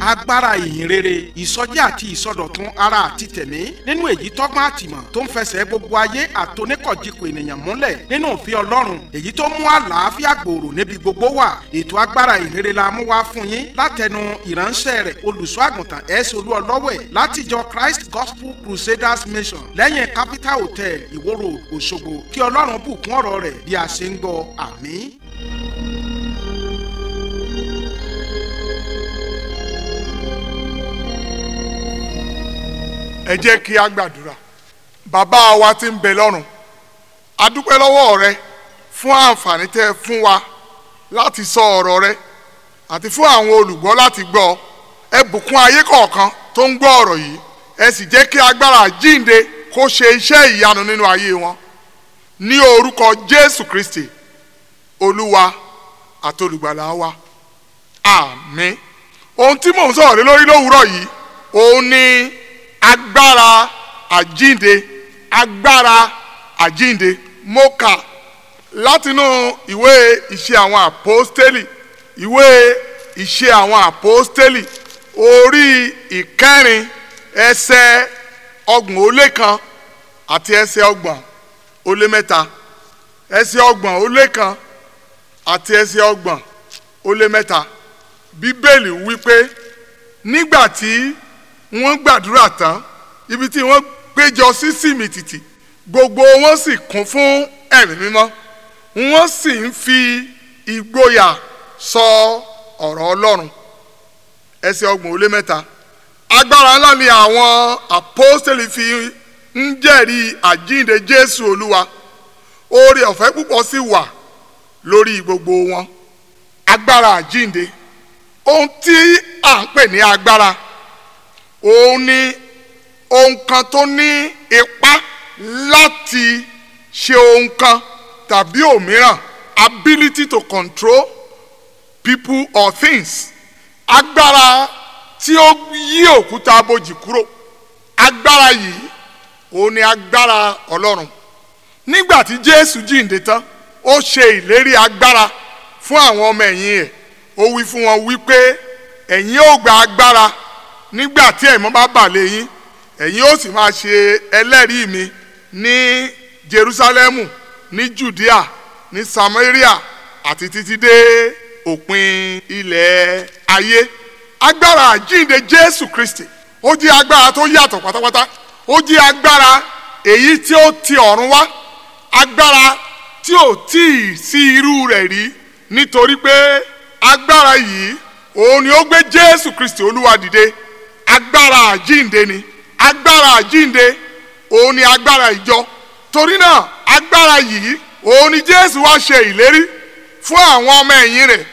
agbára ìyìn rere ìsọjí àti ìsọdọ̀tun ara àti tẹ̀mí nínú èyí tọ́gbọ́n àtìmọ̀ tó ń fẹsẹ̀ gbogbo ayé àtoníkọ̀jìkọ̀ ènìyàn múlẹ̀ nínú òfin ọlọ́run èyí tó mú àlàáfíà gbòòrò níbi gbogbo wà ètò agbára ìyìn la mú wá fún yín látẹnu ìránṣẹ́ rẹ̀ olùṣọ́ àgùntàn olú ọlọ́wẹ̀ látijọ́ Christ Gospel Crusaders Mission lẹ́yìn Capital Hotel Ìwó Road Òṣogbo kí ọlọ́run bùkún ọ̀rọ̀ rẹ̀ bí a ṣe ń gbọ́ àmín ẹ jẹ́ kí a gbàdúrà bàbá wa tí ń bẹ lọ́run a dúpẹ́ lọ́wọ́ rẹ fún àǹfààní tẹ́ fún wa láti sọ ọ̀rọ̀ rẹ àti fún àwọn olùgbọ́ láti gbọ́ ẹ bùkún ayé kọ̀ọ̀kan tó ń gbọ́ ọ̀rọ̀ yìí ẹ sì jẹ́ kí agbára jíǹde kó ṣe iṣẹ́ ìyanu nínú ayé wọn ní orúkọ Jésù Kristi olúwa àti olùgbàlà wa àmín ohun tí mò ń sọ̀rọ̀ lórí lówùúrọ̀ yìí òun ni agbára àjínde agbára àjínde mo kà látinú ìwé ìṣe àwọn àpọ́stélì ìwé ìṣe àwọn àpọ́stélì orí ìkẹrin ẹsẹ̀ ọgbọ̀n ó lé kan àti ẹsẹ̀ ọgbọ̀n ó lé mẹ́ta ẹsẹ̀ ọgbọ̀n ó lé kan àti ẹsẹ̀ ọgbọ̀n ó lé mẹ́ta bíbélì wípé nígbà tí wọ́n gbàdúrà tán ibi tí wọ́n péjọ sí sìmìtìtì gbogbo wọn sì kún fún ẹ̀mí mímọ́ wọ́n sì ń fi ìgboyà sọ ọ̀rọ̀ Ọlọ́run ẹsẹ̀ ọgbọ̀n ó lé mẹ́ta agbára ńlá ni àwọn àpọ́sítélì fi ń jẹ́rìí àjíǹde Jésù Olúwa oore ọ̀fẹ́ púpọ̀ sì wà lórí gbogbo wọn agbára àjíǹde ohun tí à ń pè ní agbára òun ni ohun kan tó ní ipá láti ṣe ohun kan tàbí òmíràn ability to control people or things agbára tí ó yí òkúta abojì kúrò agbára yìí òun ni agbára ọlọ́run nígbà tí jésù jíǹde tán ó ṣe ìlérí agbára fún àwọn ọmọ ẹ̀yìn ẹ̀ ó wí fún wọn wípé ẹ̀yin ó gba agbára nígbà tí ẹ̀mọ́ bá bà lé yín ẹ̀yin ó sì máa ṣe ẹlẹ́rìí mi ní Jerusalemu ní Judea ní Samaria àti títí dé òpin ilẹ̀ ayé agbára àjíǹde Jésù Kristi ó jẹ́ agbára tó yàtọ̀ pátápátá ó jẹ́ agbára èyí tí ó ti ọ̀run wá agbára tí ò tí ì sí irú rẹ̀ rí nítorí pé agbára yìí òun ni ó gbé Jésù Kristi Olúwa dìde agbára àjínde ni agbára àjínde òun ni agbára ìjọ torí náà agbára yìí òun ni Jésù wá ṣe ìlérí fún àwọn ọmọ ẹ̀yìn rẹ̀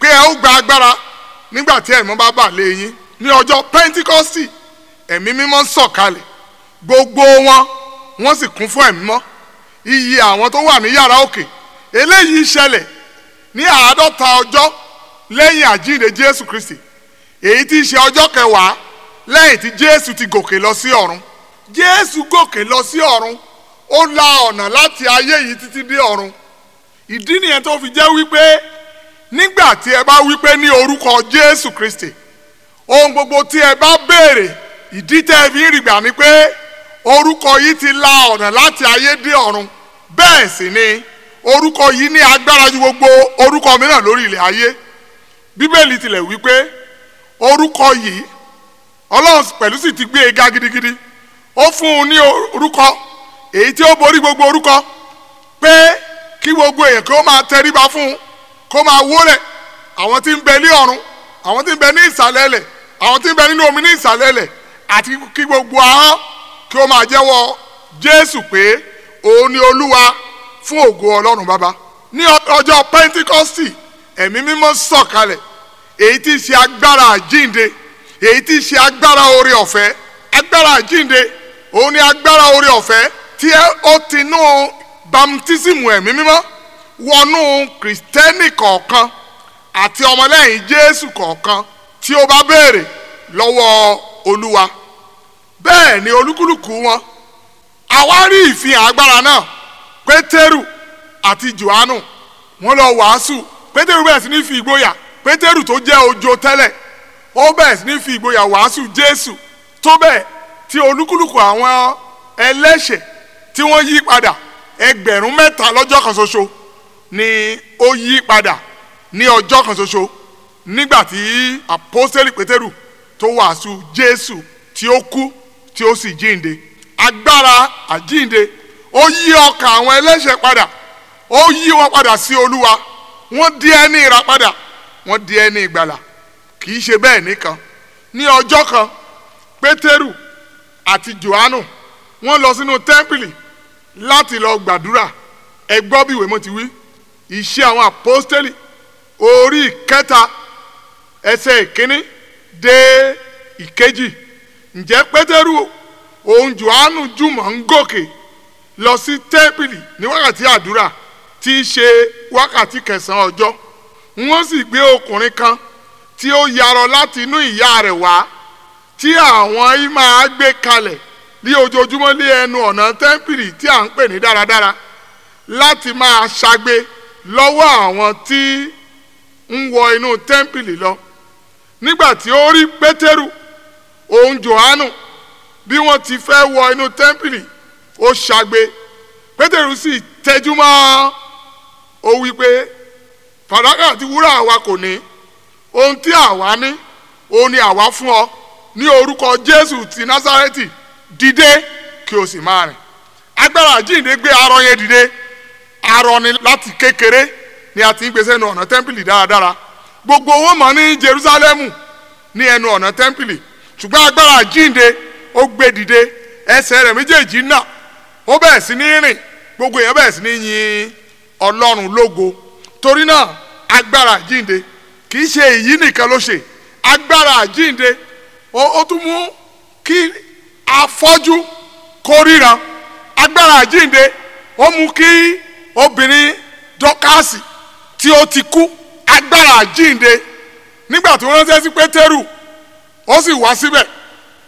pé ẹ ó gba agbára nígbà tí ẹ̀mọ́ bá bà lé yín ní ọjọ́ Pentikosti ẹ̀mí mímọ́ ń sọ̀kalẹ̀ gbogbo wọn wọ́n sì kún fún ẹ̀mí mọ́ iye àwọn tó wà ní yàrá òkè eléyìí ṣẹlẹ̀ ní àádọ́ta ọjọ́ lẹ́yìn àjínde Jésù Kristi èyí tí í ṣe ọjọ́ kẹwàá lẹ́yìn tí jésù ti gòkè lọ sí ọ̀run jésù gòkè lọ sí ọ̀run ó la ọ̀nà láti ayé yìí títí dé ọ̀run ìdí nìyẹn tó fi jẹ́ wípé nígbà tí ẹ bá wípé ní orúkọ jésù kristi ohun gbogbo tí ẹ bá béèrè ìdí tẹ́ ẹ fi ń rìgbà ni pé orúkọ yìí ti la ọ̀nà láti ayé dé ọ̀run bẹ́ẹ̀ sì ni orúkọ yìí ní agbára ju gbogbo orúkọ mìíràn lórí ilẹ̀ ayé bíbélì tilẹ̀ wípé orúkọ yìí ọlọ́run pẹ̀lú sì ti gbé e ga gidigidi ó fún un ní orúkọ èyí tí ó borí gbogbo orúkọ pé kí gbogbo èèyàn kí ó máa tẹríba fún un kó máa wólẹ̀ àwọn tí ń bẹ ní ọ̀run àwọn tí ń bẹ ní ìsàlẹ̀ ẹlẹ̀ àwọn tí ń bẹ nínú omi ní ìsàlẹ̀ ẹlẹ̀ àti kí gbogbo ahọ́n kí ó máa jẹ́wọ́ Jésù pé òun ni Olúwa fún ògo Ọlọ́run bàbá ní ọjọ́ Pentikọ́sì ẹ̀mí mímọ́ sọ̀kalẹ̀ èyí tí ṣe agbára àjíǹde èyí tí í ṣe agbára oore ọ̀fẹ́ agbára àjínde òun ni agbára oore ọ̀fẹ́ tí ó ti nú bamtísìmù ẹ̀mí mímọ́ wọnú kìrìtẹ́nì kọ̀ọ̀kan àti ọmọlẹ́yìn jésù kọ̀ọ̀kan tí ó bá béèrè lọ́wọ́ olúwa bẹ́ẹ̀ ni olúkúlùkù wọn àwa rí ìfihàn agbára náà pétérù àti johannu wọ́n lọ wàásù pétérù bẹ̀rẹ̀ sí ní fi ìgboyà pétérù tó jẹ́ ojo tẹ́lẹ̀ ó bẹ̀rẹ̀ sí ní fi ìgboyà wàásù jésù tó bẹ́ẹ̀ tí olúkúlùkù àwọn ẹlẹ́ṣẹ̀ tí wọ́n yí padà ẹgbẹ̀rún mẹ́ta lọ́jọ́ kan ṣoṣo ni ó yí padà ní ọjọ́ kan ṣoṣo nígbà tí àpọ́sẹ́lì pétérù tó wàásù jésù tí ó kú tí ó sì jíǹde agbára àjíǹde ó yí ọkàn àwọn ẹlẹ́ṣẹ̀ padà ó yí wọn padà sí olúwa wọ́n di ẹni ìrà padà wọ́n di ẹni ìgbàlà kì í ṣe bẹ́ẹ̀ nìkan ní ọjọ́ kan pétérù àti johannu wọ́n lọ sínú tẹ́ḿpìlì láti lọ gbàdúrà ẹ gbọ́ bí ìwé mọ́ ti wí ìṣe àwọn àpọ́stélì orí ìkẹta ẹsẹ̀ ìkíní dé ìkejì ǹjẹ́ pétérù òun johannu jùmọ̀ ń gòkè lọ sí tẹ́ḿpìlì ní wákàtí àdúrà tí í ṣe wákàtí kẹsàn-án ọjọ́ wọ́n sì gbé ọkùnrin kan tí ó yarọ láti inú ìyá rẹ̀ wá tí àwọn yìí máa gbé kalẹ̀ ní ojoojúmọ́ lé ẹnu ọ̀nà tẹ́ḿpìlì tí à ń pè ní dáradára láti máa ṣagbe lọ́wọ́ àwọn tí ń wọ inú tẹ́ḿpìlì lọ nígbà tí ó rí pétérù òun jòhánù bí wọ́n ti fẹ́ wọ inú tẹ́ḿpìlì ó ṣagbe pétérù sì tẹjú mọ́ ó wí pé fàdákà àti wúrà wa kò ní. ohun tí àwa ní òun ni àwa fún ọ ní orúkọ jésù ti nazareti dìde kí o sì máa rìn agbára gbé arọ yẹn dìde arọ ni láti kékeré ni a ti ń ẹnu ọ̀nà tẹ́ḿpìlì dáradára gbogbo owó mọ̀ ní jerusalemu ní ẹnu ọ̀nà tẹ́ḿpìlì ṣùgbọ́n agbára ó gbé dìde ẹsẹ̀ rẹ̀ méjèèjì náà gbogbo èèyàn bẹ̀rẹ̀ sí ní yin ọlọ́run lógo torí náà agbára kì í ṣe èyí nìkan ló ṣe agbára àjínde ó tún mú kí afọ́jú kó ríran agbára àjínde ó mú kí obìnrin dọ́kásì tí ó ti kú agbára àjínde nígbà tó ránṣẹ́ sí pétérù ó sì wá síbẹ̀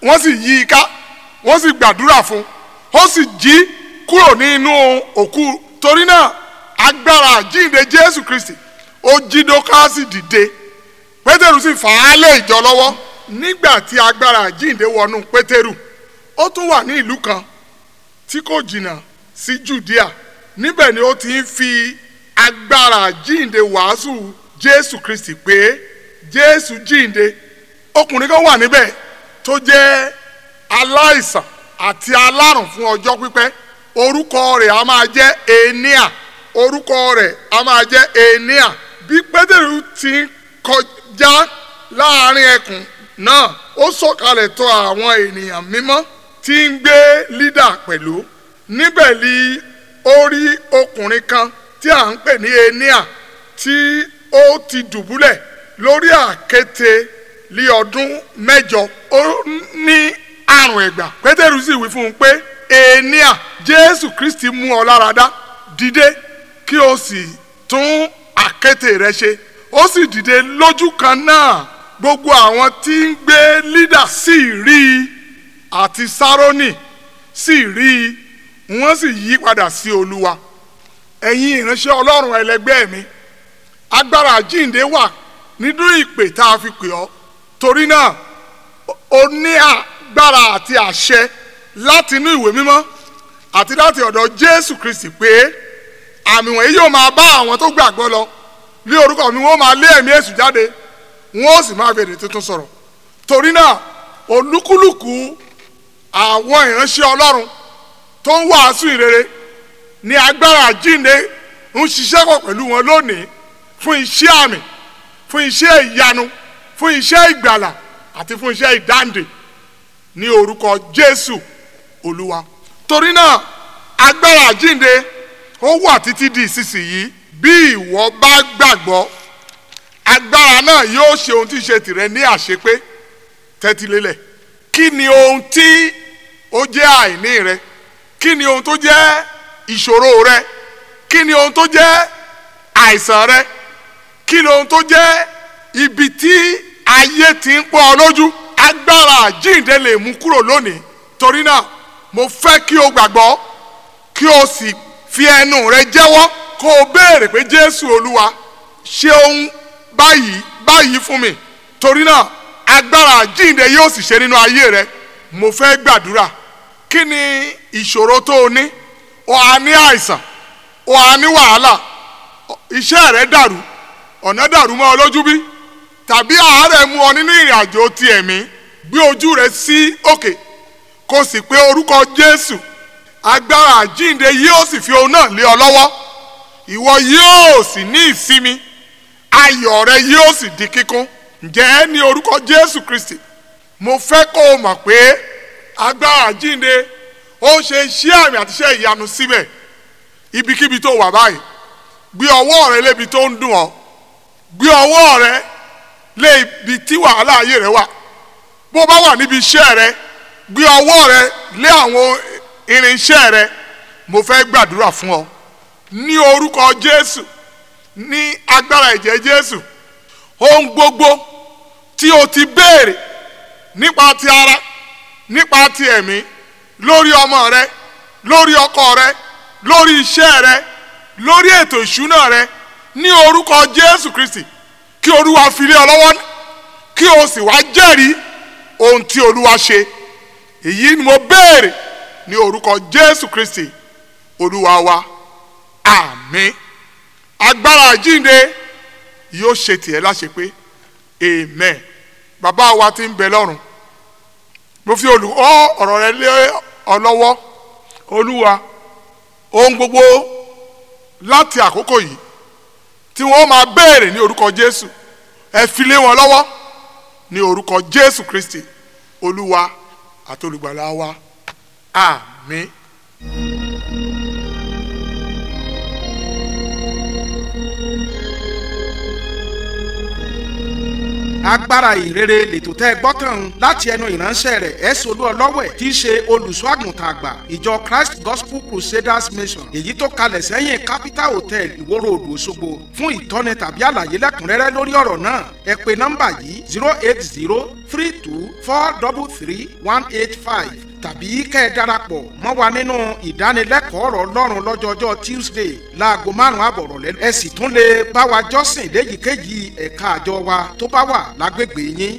wọ́n sì yí i ká wọ́n sì gbàdúrà fún un ó sì jí kúrò ní inú òkú torí náà agbára àjínde jésù kristi ó jí dọ́kásì dìde pétérù sì fà á lé ìjọ lọ́wọ́ nígbà tí agbára àjíǹde wọnú pétérù ó tún wà ní ìlú kan tí kò jìnnà sí judea níbẹ̀ ni ó ti ń fi agbára àjíǹde wàásù jésù kristi pé jésù jíǹde ọkùnrin kan wà níbẹ̀ tó jẹ́ aláìsàn àti alárùn fún ọjọ́ pípẹ́ orúkọ rẹ̀ a máa jẹ́ enia orúkọ rẹ̀ a máa jẹ́ enia bí pétérù ti ń kọjá láàrin ẹkùn náà ó sọ̀kalẹ̀ tọ̀ àwọn ènìyàn mímọ́ tí ń gbé lídà pẹ̀lú níbẹ̀ ni ó rí ọkùnrin kan tí à ń pè ní enia tí ó ti dùbúlẹ̀ lórí àkéte lé ọdún mẹ́jọ ó ní àrùn ẹ̀gbà pétérù sì wí fún un pé enia jésù kristi mú ọ láradá dìde kí o sì tún àkéte rẹ ṣe ó sì dìde lójú kan náà gbogbo àwọn tí ń gbé lídà sì rí i àti sárónì sì rí i wọ́n sì yí padà sí olúwa ẹ̀yin ìránṣẹ́ ọlọ́run ẹlẹgbẹ́ mi agbára jíǹde wà nínú ìpè tá a fi pè ọ́ torí náà o ní agbára àti àṣẹ láti inú ìwé mímọ́ àti láti ọ̀dọ̀ jésù kristi pé àmì wọ̀nyí yóò máa bá àwọn tó gbàgbọ́ lọ ní orúkọ mi wọ́n máa lé ẹ̀mí èṣù jáde wọ́n sì máa fèrè tuntun sọ̀rọ̀ torí náà olúkúlùkù àwọn ìránṣẹ́ ọlọ́run tó ń wàásù ìrere ní agbára àjínde ń ṣiṣẹ́ pọ̀ pẹ̀lú wọn lónìí fún iṣẹ́ àmì fún iṣẹ́ ìyanu fún iṣẹ́ ìgbàlà àti fún iṣẹ́ ìdáǹdè ní orúkọ jésù olúwa torí náà agbára àjínde ó wà títí di ìsinsìnyí bí ìwọ bá gbàgbọ́ agbára náà yóò ṣe ohun tí ń ṣe tìrẹ ní àṣepé tẹ́tílélẹ̀ kí ni ohun tí ó jẹ́ àìní rẹ kí ni ohun tó jẹ́ ìṣòro rẹ kí ni ohun tó jẹ́ àìsàn rẹ kí ni ohun tó jẹ́ ibi tí ayé ti ń pọ́ ọ lójú agbára àjíǹde lè mú kúrò lónìí torí náà mo fẹ́ kí o gbàgbọ́ kí o sì fi ẹnu rẹ jẹ́wọ́ kó o béèrè pé jésù olúwa ṣe ohun báyìí báyìí fún mi torí náà agbára jíǹde yóò sì ṣe nínú ayé rẹ mo fẹ́ gbàdúrà kí ni ìṣòro tó o ní o à ní àìsàn o à ní wàhálà iṣẹ́ rẹ dàrú ọ̀nà dàrú mọ́ ọ lójú bí tàbí àárẹ̀ mú ọ nínú ìrìn àjò ti ẹ̀mí gbé ojú rẹ sí òkè kó o sì pé orúkọ jésù agbára jíǹde yóò sì fi ohun náà lé ọ lọ́wọ́ ìwọ yóò sì ní ìsinmi ayọ̀ rẹ yóò sì di kíkún ǹjẹ́ ní orúkọ Jésù Kristi mo fẹ́ kó o mọ̀ pé agbára jíǹde ó ṣe iṣẹ́ àmì àti iṣẹ́ ìyanu síbẹ̀ ibikíbi tó wà báyìí gbé ọwọ́ rẹ lébi tó ń dùn ọ́ gbé ọwọ́ rẹ lébi tí wàhálà ayé rẹ wà bó bá wà níbi iṣẹ́ rẹ gbé ọwọ́ rẹ lé àwọn irinṣẹ́ rẹ mo fẹ́ gbàdúrà fún ọ ní orúkọ jésù ní agbára ẹ̀jẹ̀ jésù ohun gbogbo tí o ti béèrè nípa ti ara nípa ti ẹ̀mí lórí ọmọ rẹ lórí ọkọ rẹ lórí iṣẹ́ rẹ lórí ètò ìṣúná rẹ ní orúkọ jésù kristi kí olúwa fi lé ki kí o sì wá jẹ́rìí ohun tí olúwa ṣe èyí ni mo béèrè ní orúkọ jésù kristi olúwa wa. àmín agbára àjínde yóò ṣe tiẹ̀ láṣẹ amen bàbá wa ti ń bẹ lọ́run mo fi olù ọ ọ̀rọ̀ rẹ lé ọ lọ́wọ́ olúwa ohun gbogbo láti àkókò yìí tí wọ́n máa béèrè ní orúkọ jésù ẹ fi lé wọn lọ́wọ́ ní orúkọ jésù kristi olúwa àti olùgbàlà wa àmín. agbára ìrere lètò tẹ́ gbọ́kàn láti ẹnu ìránṣẹ́ rẹ̀ ẹ̀sùn olú ọlọ́wẹ̀ tí í ṣe olùṣọ́ àgbà ìjọ Christ Gospel Crusaders Mission èyí tó kalẹ̀ sẹ́yìn Capital Hotel ìwòrò òdò Òṣogbo fún ìtọ́ni tàbí àlàyé lẹ́kùnrẹ́rẹ́ lórí ọ̀rọ̀ náà ẹ pe nọ́mbà yìí zero eight zero three two four double three one eight five tàbí kẹ́ ẹ darapọ̀ mọ́ wa nínú ìdánilẹ́kọ̀ọ́ ọ̀rọ̀ ọlọ́run lọ́jọọjọ́ tuesday láago márùn-ún àbọ̀rọ̀ lẹ́nu. ẹ sì tún lè bá wa jọ́sìn léyìíkéyìí ẹ̀ka àjọ wa tó bá wà lágbègbè yín.